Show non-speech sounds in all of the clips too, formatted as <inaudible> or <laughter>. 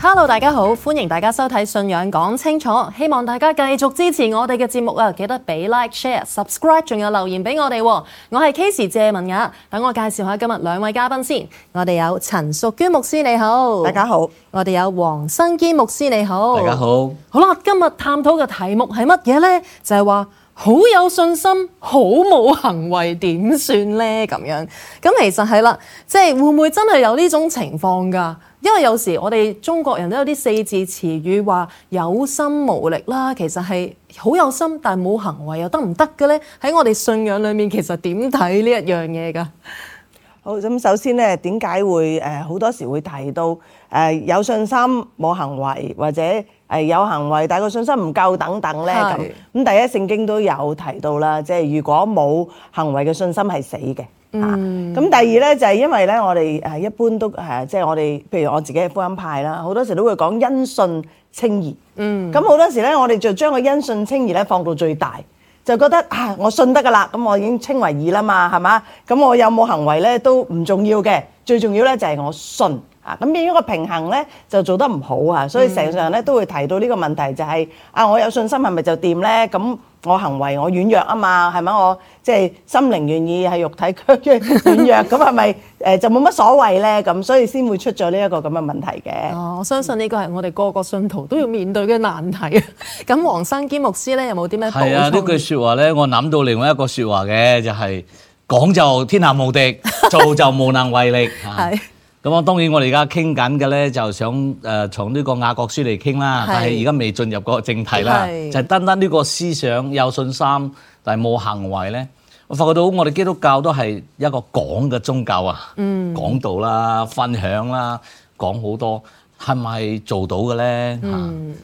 Hello，大家好，歡迎大家收睇《信仰講清楚》，希望大家繼續支持我哋嘅節目啊！記得俾 Like、Share、Subscribe，仲有留言俾我哋。我係 Casey 謝文雅，等我介紹下今日兩位嘉賓先。我哋有陳淑娟牧師，你好，大家好；我哋有黃生堅牧師，你好，大家好。好啦，今日探討嘅題目係乜嘢呢？就係話。好有信心，好冇行為，點算呢？咁樣咁其實係啦，即係會唔會真係有呢種情況噶？因為有時我哋中國人都有啲四字詞語話有心無力啦，其實係好有心，但係冇行為又得唔得嘅呢？喺我哋信仰裏面，其實點睇呢一樣嘢噶？好咁，首先咧，點解會誒好多時會提到誒有信心冇行為或者，誒有行為，但係個信心唔夠等等咧咁。咁第一聖經都有提到啦，即係如果冇行為嘅信心係死嘅。啊咁第二咧就係因為咧我哋誒一般都誒即係我哋，譬如我自己係福音派啦，好多時都會講因信稱義。嗯，咁好多時咧我哋就將個因信稱義咧放到最大，就覺得啊我信得㗎啦，咁我已經稱為義啦嘛，係嘛？咁我有冇行為咧都唔重要嘅，最重要咧就係我信。咁變咗個平衡咧就做得唔好啊，所以成日咧都會提到呢個問題，就係啊，我有信心係咪就掂咧？咁我行為我軟弱啊嘛，係咪我即係心靈願意，係肉體卻嘅軟弱咁，係咪誒就冇乜所謂咧？咁所以先會出咗呢一個咁嘅問題嘅。哦，我相信呢個係我哋個個信徒都要面對嘅難題。咁黃生兼牧師咧有冇啲咩？係啊，呢句説話咧，我諗到另外一個説話嘅，就係講就天下無敵，做就無能為力。係。咁啊，當然我哋而家傾緊嘅咧，就想誒從呢個雅各書嚟傾啦，但係而家未進入個正題啦，就係單單呢個思想有信心，但係冇行為咧，我發覺到我哋基督教都係一個講嘅宗教啊，講道啦、分享啦、講好多，係咪做到嘅咧？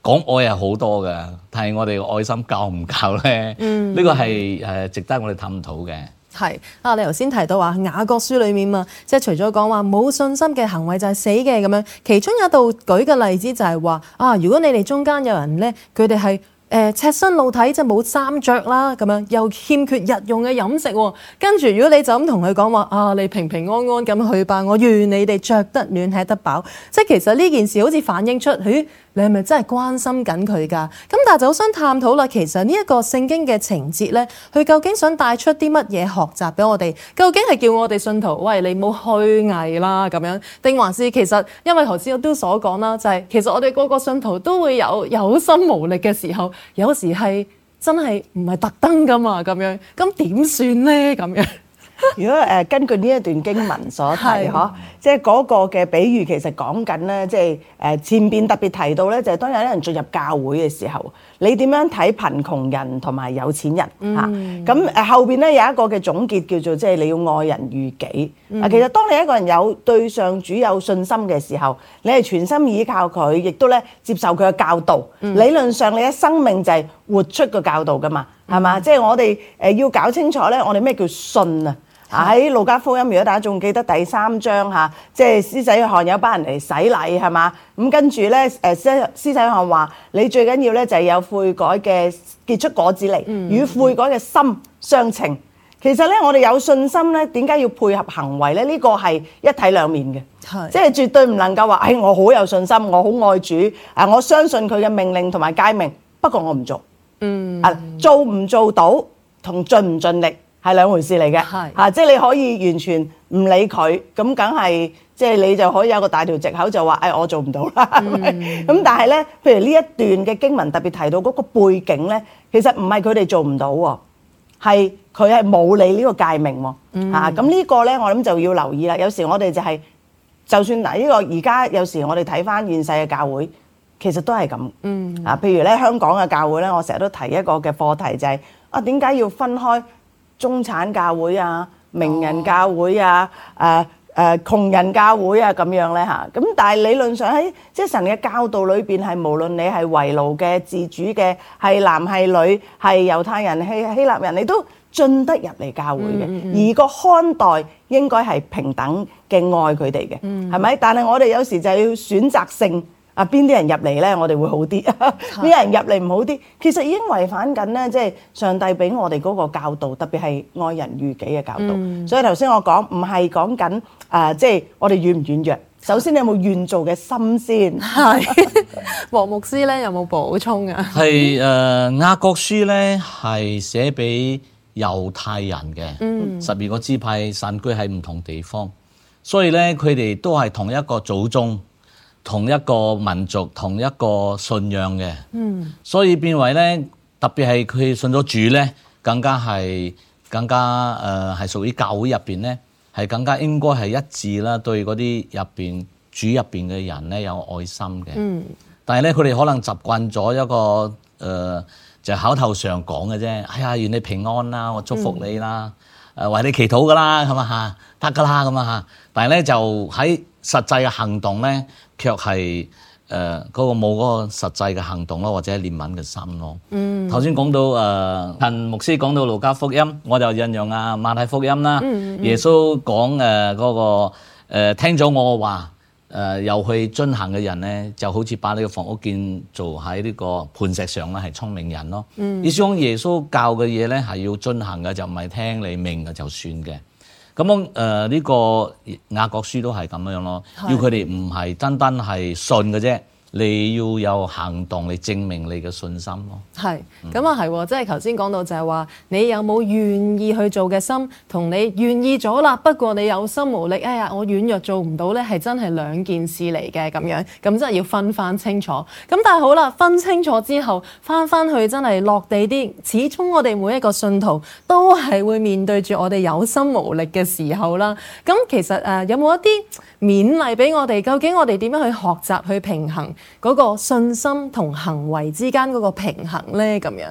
講愛係好多嘅，但係我哋愛心夠唔夠咧？呢個係誒值得我哋探討嘅。係啊！你頭先提到話雅各書裏面嘛，即係除咗講話冇信心嘅行為就係死嘅咁樣，其中有一度舉嘅例子就係話啊，如果你哋中間有人咧，佢哋係。誒、呃、赤身露體即係冇衫着啦，咁樣又欠缺日用嘅飲食，跟住如果你就咁同佢講話啊，你平平安安咁去吧，我願你哋著得暖、吃得飽。即係其實呢件事好似反映出，咦，你係咪真係關心緊佢㗎？咁但係就好想探討啦，其實呢一個聖經嘅情節咧，佢究竟想帶出啲乜嘢學習俾我哋？究竟係叫我哋信徒，喂，你唔好虛偽啦，咁樣定還是其實因為頭先我都所講啦，就係、是、其實我哋個個信徒都會有有心無力嘅時候。有時係真係唔係特登噶嘛，咁樣咁點算咧？咁樣。如果誒根據呢一段經文所提，嗬的，即係嗰個嘅比喻，其實講緊咧，即係誒前邊特別提到咧，就係、是、當有啲人進入教會嘅時候，你點樣睇貧窮人同埋有錢人嚇？咁誒、嗯啊、後邊咧有一個嘅總結叫做即係、就是、你要愛人如己。啊、嗯，其實當你一個人有對上主有信心嘅時候，你係全心倚靠佢，亦都咧接受佢嘅教導。嗯、理論上你嘅生命就係活出個教導噶嘛，係嘛？即係、嗯、我哋誒要搞清楚咧，我哋咩叫信啊？啊！喺《路加福音》，如果大家仲記得第三章吓，即係施洗約翰有班人嚟洗禮係嘛？咁跟住咧，誒施施洗約翰話：你最緊要咧就係有悔改嘅結出果子嚟，與悔改嘅心相稱。其實咧，我哋有信心咧，點解要配合行為咧？呢個係一體兩面嘅，係，即係絕對唔能夠話：，哎，我好有信心，我好愛主，啊，我相信佢嘅命令同埋誡命，不過我唔做。嗯。啊，做唔做到同盡唔盡力。係兩回事嚟嘅，嚇，即係你可以完全唔理佢，咁梗係，即係你就可以有個大條藉口，就話誒我做唔到啦。咁但係咧，譬如呢一段嘅經文特別提到嗰個背景咧，其實唔係佢哋做唔到喎，係佢係冇理呢個界名喎。嚇，咁呢個咧我諗就要留意啦。有時我哋就係，就算嗱呢個而家有時我哋睇返現世嘅教會，其實都係咁。嗯，啊，譬如咧香港嘅教會咧，我成日都提一個嘅課題就係啊點解要分開？中產教會啊，名人教會、哦、啊，誒窮人教會啊，咁樣咧。咁但係理論上喺即係神嘅教導裏面，係無論你係為奴嘅、自主嘅，係男係女、係猶太人、係希臘人，你都進得入嚟教會嘅。嗯、哼而個看待應該係平等嘅愛佢哋嘅，係咪、嗯哼？但係我哋有時就要選擇性。啊，邊啲人入嚟咧？我哋會好啲，邊啲人入嚟唔好啲？其實已經違反緊咧，即係上帝俾我哋嗰個教導，特別係愛人如己嘅教導。嗯、所以頭先我講，唔係講緊即係我哋軟唔軟弱。首先你有冇願做嘅心先？係，黃牧師咧有冇補充啊？係，呃雅各書咧係寫俾猶太人嘅，十二、嗯、個支派散居喺唔同地方，所以咧佢哋都係同一個祖宗，同一個民族、同一個信仰嘅，嗯、所以變為咧，特別係佢信咗主咧，更加係更加誒係屬於教會入邊咧，係更加應該係一致啦，對嗰啲入邊主入邊嘅人咧有愛心嘅。嗯、但係咧，佢哋可能習慣咗一個誒、呃，就、口頭上講嘅啫。哎呀，願你平安啦，我祝福你啦，誒、嗯呃、為你祈禱噶啦，係嘛，嚇得噶啦，咁啊嚇。但係咧就喺實際嘅行動咧，卻係誒嗰個冇嗰個實際嘅行動咯，或者憐憫嘅心咯。頭先講到誒，呃、陳牧師講到路加福音，我就引用啊馬太福音啦。嗯嗯、耶穌講誒嗰個誒聽咗我話誒、呃、又去進行嘅人咧，就好似把呢個房屋建造喺呢個磐石上啦，係聰明人咯。嗯、意思想耶穌教嘅嘢咧，係要進行嘅，就唔係聽你命嘅就算嘅。咁我誒呢個雅各書都係咁樣咯，要佢哋唔係單單係信嘅啫。的你要有行動嚟證明你嘅信心咯，係，咁啊係，即係頭先講到就係話你有冇願意去做嘅心，同你願意咗啦，不過你有心無力，哎呀，我軟弱做唔到呢，係真係兩件事嚟嘅咁樣，咁真係要分翻清楚。咁但係好啦，分清楚之後，翻翻去真係落地啲，始終我哋每一個信徒都係會面對住我哋有心無力嘅時候啦。咁其實，啊，有冇一啲勉勵俾我哋？究竟我哋點樣去學習去平衡？嗰個信心同行為之間，嗰個平衡咧，咁樣。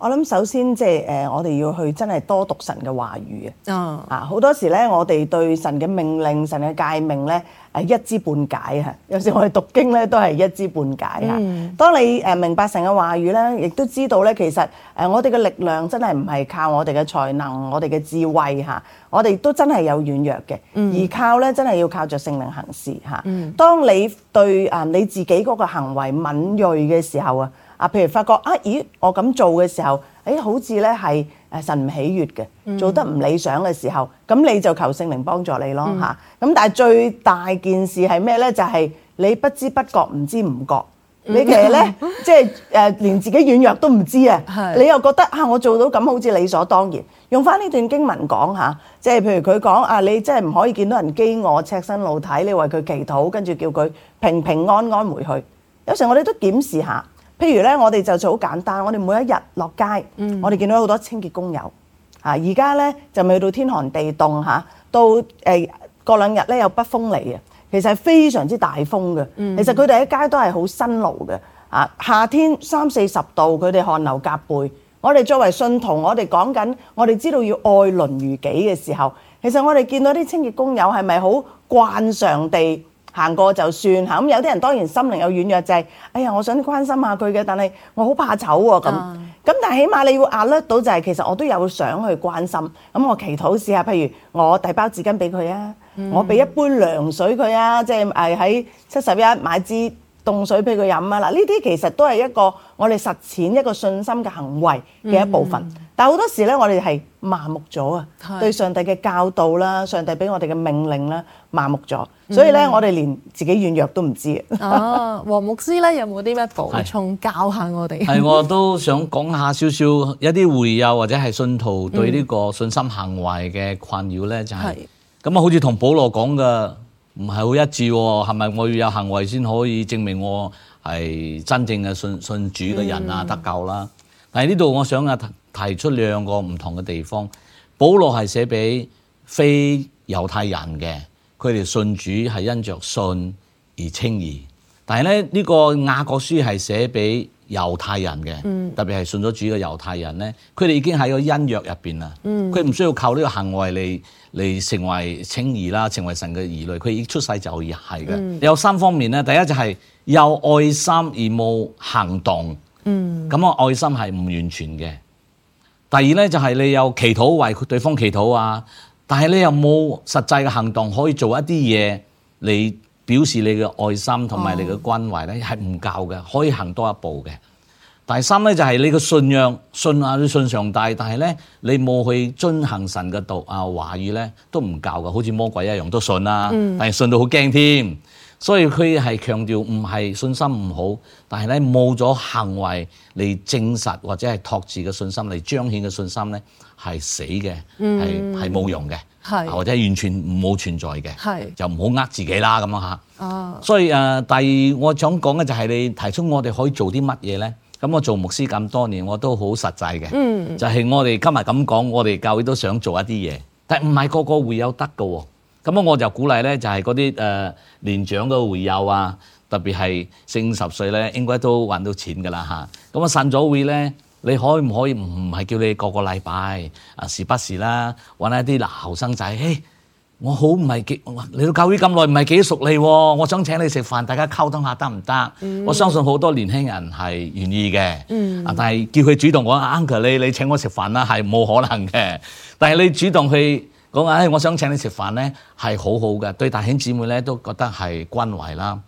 我諗首先即係、就是呃、我哋要去真係多讀神嘅話語、oh. 啊！啊，好多時咧，我哋對神嘅命令、神嘅誡命咧，係、啊、一知半解啊！有時我哋讀經咧都係一知半解啊！Mm. 當你誒、呃、明白神嘅話語咧，亦都知道咧，其實誒、呃、我哋嘅力量真係唔係靠我哋嘅才能、我哋嘅智慧吓、啊，我哋都真係有軟弱嘅，而靠咧真係要靠着聖靈行事吓。啊 mm. 當你對啊、呃、你自己嗰個行為敏銳嘅時候啊！啊！譬如發覺啊，咦，我咁做嘅時候，誒，好似咧係誒神唔喜悅嘅，做得唔理想嘅時候，咁你就求聖靈幫助你咯吓。咁但係最大件事係咩咧？就係你不知不覺唔知唔覺，你其實咧即係誒連自己軟弱都唔知啊。你又覺得啊，我做到咁好似理所當然。用返呢段經文講下，即係譬如佢講啊，你真係唔可以見到人飢餓赤身露體，你為佢祈禱，跟住叫佢平平安安回去。有時我哋都檢視下。譬如咧，我哋就做好簡單。我哋每一日落街，我哋見到好多清潔工友啊！而家呢，就未到天寒地凍嚇，到誒過兩日呢，有北風嚟啊，其實係非常之大風嘅。其實佢哋喺街都係好辛勞嘅啊！夏天三四十度，佢哋汗流浹背。我哋作為信徒，我哋講緊，我哋知道要愛鄰如己嘅時候，其實我哋見到啲清潔工友係咪好慣常地？行過就算嚇，咁、嗯、有啲人當然心靈有軟弱就係，哎呀，我想關心下佢嘅，但係我好怕醜喎咁。咁、嗯、但係起碼你要壓甩到就係，其實我都有想去關心，咁我祈禱試下，譬如我遞包紙巾俾佢啊，嗯、我俾一杯涼水佢啊，即係誒喺七十一買支凍水俾佢飲啊，嗱呢啲其實都係一個我哋實踐一個信心嘅行為嘅一部分。嗯嗯但係好多時咧，我哋係麻木咗啊，是對上帝嘅教導啦，上帝俾我哋嘅命令啦，麻木咗。所以咧，我哋連自己軟弱都唔知啊。嗯、 <laughs> 哦，黃牧師咧，有冇啲咩補充教下我哋？係是 <laughs> 我都想講下少少，有啲會友或者係信徒對呢個信心行為嘅困擾咧，就係咁啊，好似同保羅講嘅唔係好一致，係咪我要有行為先可以證明我係真正嘅信信主嘅人啊，嗯、得救啦？但係呢度我想啊提出兩個唔同嘅地方。保羅係寫俾非猶太人嘅，佢哋信主係因着信而稱義。但係咧呢、呢個雅各書係寫俾猶太人嘅，嗯、特別係信咗主嘅猶太人咧，佢哋已經喺個恩約入邊啦，佢唔、嗯、需要靠呢個行為嚟嚟成為稱義啦，成為神嘅兒女，佢已經出世就已係嘅。嗯、有三方面咧，第一就係有愛心而冇行動。嗯，咁我愛心係唔完全嘅。第二咧就係、是，你有祈禱為對方祈禱啊，但係你又冇實際嘅行動可以做一啲嘢嚟表示你嘅愛心同埋你嘅關懷咧，係唔夠嘅，可以行多一步嘅。第三咧就係、是，你嘅信仰信啊，你信上帝，但係咧你冇去遵行神嘅道啊，話語咧都唔夠嘅，好似魔鬼一樣都信啦、啊，但係信到好驚添。嗯所以佢係強調唔係信心唔好，但係咧冇咗行為嚟證實或者係托住嘅信心嚟彰顯嘅信心咧係死嘅，係係冇用嘅，或者係係完全唔冇存在嘅，係就唔好呃自己啦咁啊嚇。哦、所以誒，第、呃、二我想講嘅就係你提出我哋可以做啲乜嘢咧？咁我做牧師咁多年，我都好實際嘅，嗯、就係我哋今日咁講，我哋教會都想做一啲嘢，但唔係個個會有得㗎喎。咁啊，我就鼓勵咧，就係嗰啲誒年長嘅會友啊，特別係四五十歲咧，應該都揾到錢噶啦嚇。咁啊，散咗會咧，你可唔可以唔係叫你個個禮拜啊，時不時啦，揾一啲嗱後生仔，嘿，我好唔係幾，你都教會咁耐唔係幾熟你，我想請你食飯，大家溝通下得唔得？我相信好多年輕人係願意嘅，啊，但係叫佢主動講啊，Uncle，你你請我食飯啦，係冇可能嘅。但係你主動去。講、哎、我想請你食飯咧，係好好嘅，對弟兄姊妹咧都覺得係關懷啦。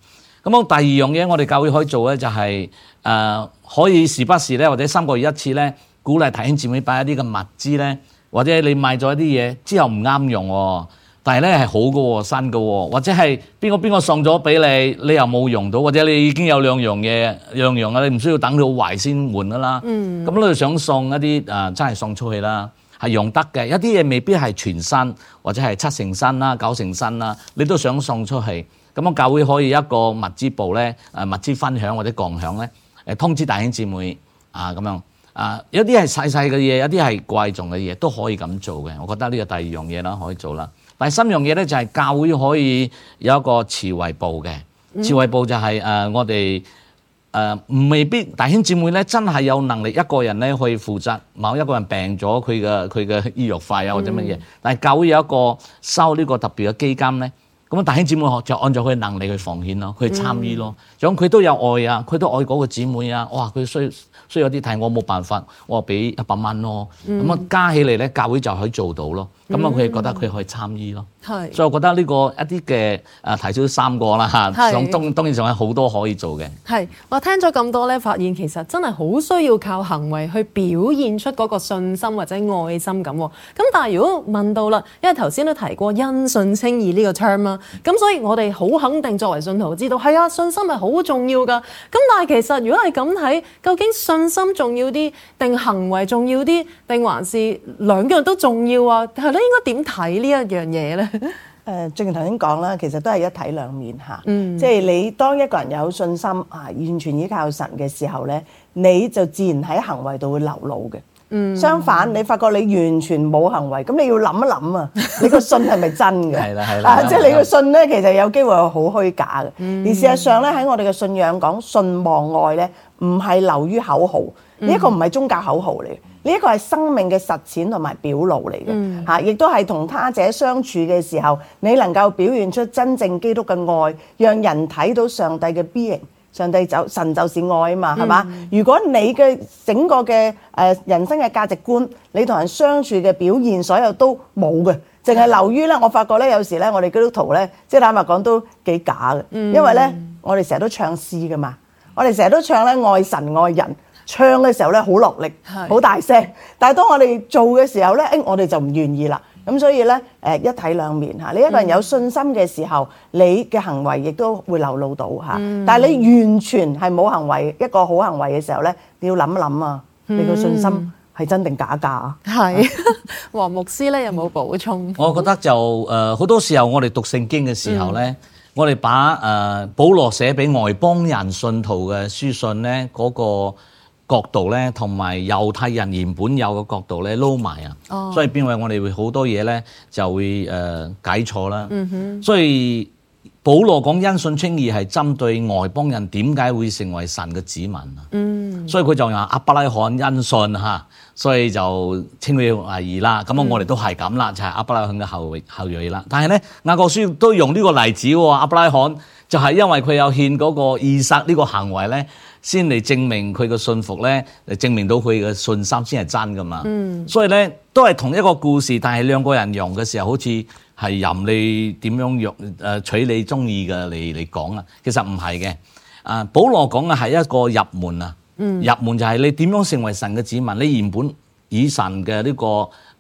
咁第二樣嘢，我哋教會可以做咧，就係、是、誒、呃、可以時不時咧，或者三個月一次咧，鼓勵弟兄姊妹擺一啲嘅物資咧，或者你買咗一啲嘢之後唔啱用喎，但係咧係好嘅喎，新嘅喎，或者係邊個邊個送咗俾你，你又冇用到，或者你已經有兩樣嘢，樣樣啊，你唔需要等佢好壞先換噶啦。咁咧、嗯、想送一啲誒、呃，真係送出去啦。係用得嘅，一啲嘢未必係全新或者係七成新啦、九成新啦，你都想送出去咁啊？咁教會可以一個物資部咧，誒物資分享或者共享咧，誒通知弟兄姊妹啊咁樣啊，有啲係細細嘅嘢，有啲係貴重嘅嘢都可以咁做嘅。我覺得呢個第二樣嘢啦，可以做啦。第三樣嘢咧就係、是、教會可以有一個慈惠部嘅，嗯、慈惠部就係、是、誒、呃、我哋。誒、呃、未必大兄姊妹咧真係有能力一個人咧去負責某一個人病咗佢嘅佢嘅醫藥費啊或者乜嘢，嗯、但係教會有一個收呢個特別嘅基金咧，咁啊大兄姊妹就按照佢嘅能力去奉獻咯，去參與咯，咁佢、嗯、都有愛啊，佢都愛嗰個姊妹啊，哇佢需需要啲嘢，我冇辦法，我俾一百蚊咯，咁啊加起嚟咧教會就可以做到咯。咁佢覺得佢可以參與咯，係是，所以我覺得呢、這個一啲嘅、啊、提出三個啦嚇，是當然仲有好多可以做嘅。係，我聽咗咁多咧，發現其實真係好需要靠行為去表現出嗰個信心或者愛心咁。咁但係如果問到啦，因為頭先都提過因信稱義呢、這個 term 啦，咁所以我哋好肯定作為信徒知道係啊，信心係好重要㗎。咁但係其實如果係咁睇，究竟信心重要啲，定行為重要啲，定還是兩樣都重要啊？係咧。應該點睇呢一樣嘢呢？誒、呃，正如頭先講啦，其實都係一體兩面嚇。嗯、即係你當一個人有信心啊，完全依靠神嘅時候呢，你就自然喺行為度會流露嘅。嗯，相反，嗯、你發覺你完全冇行為，咁你要諗一諗啊，是你個信係咪真嘅？係啦係啦，即係你個信呢，其實有機會好虛假嘅。嗯、而事實上呢，喺我哋嘅信仰講信望愛呢，唔係流於口號，呢一、嗯、個唔係宗教口號嚟嘅，呢、這、一個係生命嘅實踐同埋表露嚟嘅，嚇、嗯，亦都係同他者相處嘅時候，你能夠表現出真正基督嘅愛，讓人睇到上帝嘅 being，上帝就神就是愛啊嘛，係嘛、嗯？如果你嘅整個嘅誒人生嘅價值觀，你同人相處嘅表現，所有都冇嘅，淨係流於咧。我發覺咧，有時咧，我哋基督徒咧，即係坦白講都幾假嘅，嗯、因為咧，我哋成日都唱詩㗎嘛，我哋成日都唱咧愛神愛人。唱嘅時候咧，好落力，好大聲。但係當我哋做嘅時候咧，誒，我哋就唔願意啦。咁所以咧，誒，一體兩面嚇。你一個人有信心嘅時候，你嘅行為亦都會流露到嚇。但係你完全係冇行為，一個好行為嘅時候咧，你要諗一諗啊，你個信心係真定假㗎？係，黃牧師咧有冇補充？我覺得就誒，好多時候我哋讀聖經嘅時候咧，我哋把誒保羅寫俾外邦人信徒嘅書信咧嗰個。角度咧，同埋猶太人原本有嘅角度咧，撈埋啊，所以變為我哋會好多嘢咧，就會誒解錯啦。Mm hmm. 所以保羅講因信稱義係針對外邦人，點解會成為神嘅子民啊？Mm hmm. 所以佢就話亞伯拉罕因信吓，所以就稱佢為義啦。咁啊，我哋都係咁啦，就係、是、亞伯拉罕嘅後裔後裔啦。但係咧，雅各書都用呢個例子喎，亞伯拉罕。就係因為佢有獻嗰個以撒呢個行為咧，先嚟證明佢嘅信服咧，證明到佢嘅信心先係真噶嘛。嗯，所以咧都係同一個故事，但係兩個人用嘅時候，好似係任你點樣用誒、啊、取你中意嘅嚟嚟講啊。其實唔係嘅，啊，保羅講嘅係一個入門啊，嗯、入門就係你點樣成為神嘅子民。你原本以神嘅呢、這個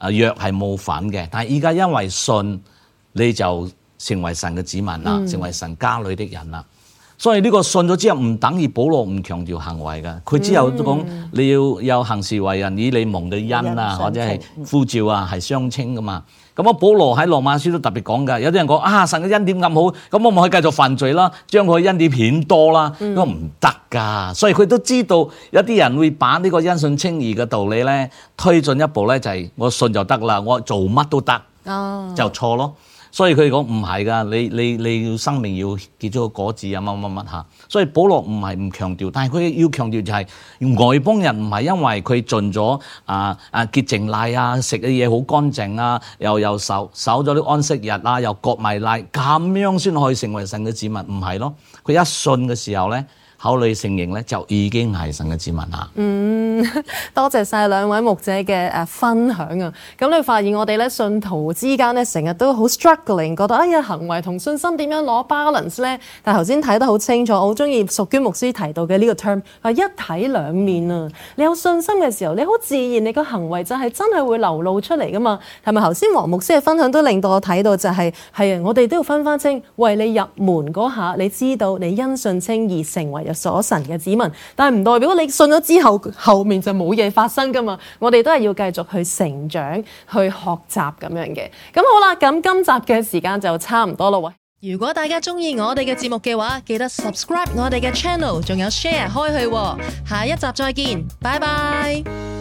誒約係冒犯嘅，但係依家因為信你就。成為神嘅子民啦，成為神家裏的人啦。嗯、所以呢個信咗之後，唔等於保羅唔強調行為嘅。佢之後都講你要有行事為人以你蒙的恩啊，或者係呼召啊，係相稱噶嘛。咁、嗯、啊，那麼保羅喺羅馬書都特別講噶。有啲人講啊，神嘅恩點咁好？咁我唔可以繼續犯罪啦，將佢嘅恩典顯多啦。嗯、都唔得噶。所以佢都知道有啲人會把呢個因信稱義嘅道理咧，推進一步咧，就係、是、我信就得啦，我做乜都得，哦、就錯咯。所以佢講唔係㗎，你你你要生命要結咗個果子啊，乜乜乜嚇。所以保羅唔係唔強調，但係佢要強調就係外邦人唔係因為佢盡咗啊啊潔淨禮啊，食嘅嘢好乾淨啊，又又守守咗啲安息日啊，又割埋禮，咁樣先可以成為神嘅子民，唔係咯。佢一信嘅時候咧。考慮承認咧，就已經係神嘅指紋啦。嗯，多謝晒兩位牧者嘅誒分享啊！咁你會發現我哋咧，信徒之間咧，成日都好 struggling，覺得哎呀，行為同信心點樣攞 balance 咧？但係頭先睇得好清楚，我好中意淑娟牧師提到嘅呢個 term，一體兩面啊！你有信心嘅時候，你好自然，你個行為就係真係會流露出嚟噶嘛？係咪頭先黃牧師嘅分享都令到我睇到就係係啊，我哋都要分翻清，為你入門嗰下，你知道你因信稱義成為入門。鎖神嘅指紋，但係唔代表你信咗之後，後面就冇嘢發生噶嘛？我哋都係要繼續去成長、去學習咁樣嘅。咁好啦，咁今集嘅時間就差唔多咯，喂！如果大家中意我哋嘅節目嘅話，記得 subscribe 我哋嘅 channel，仲有 share 開去哦。下一集再見，拜拜。